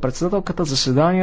председателката заседанието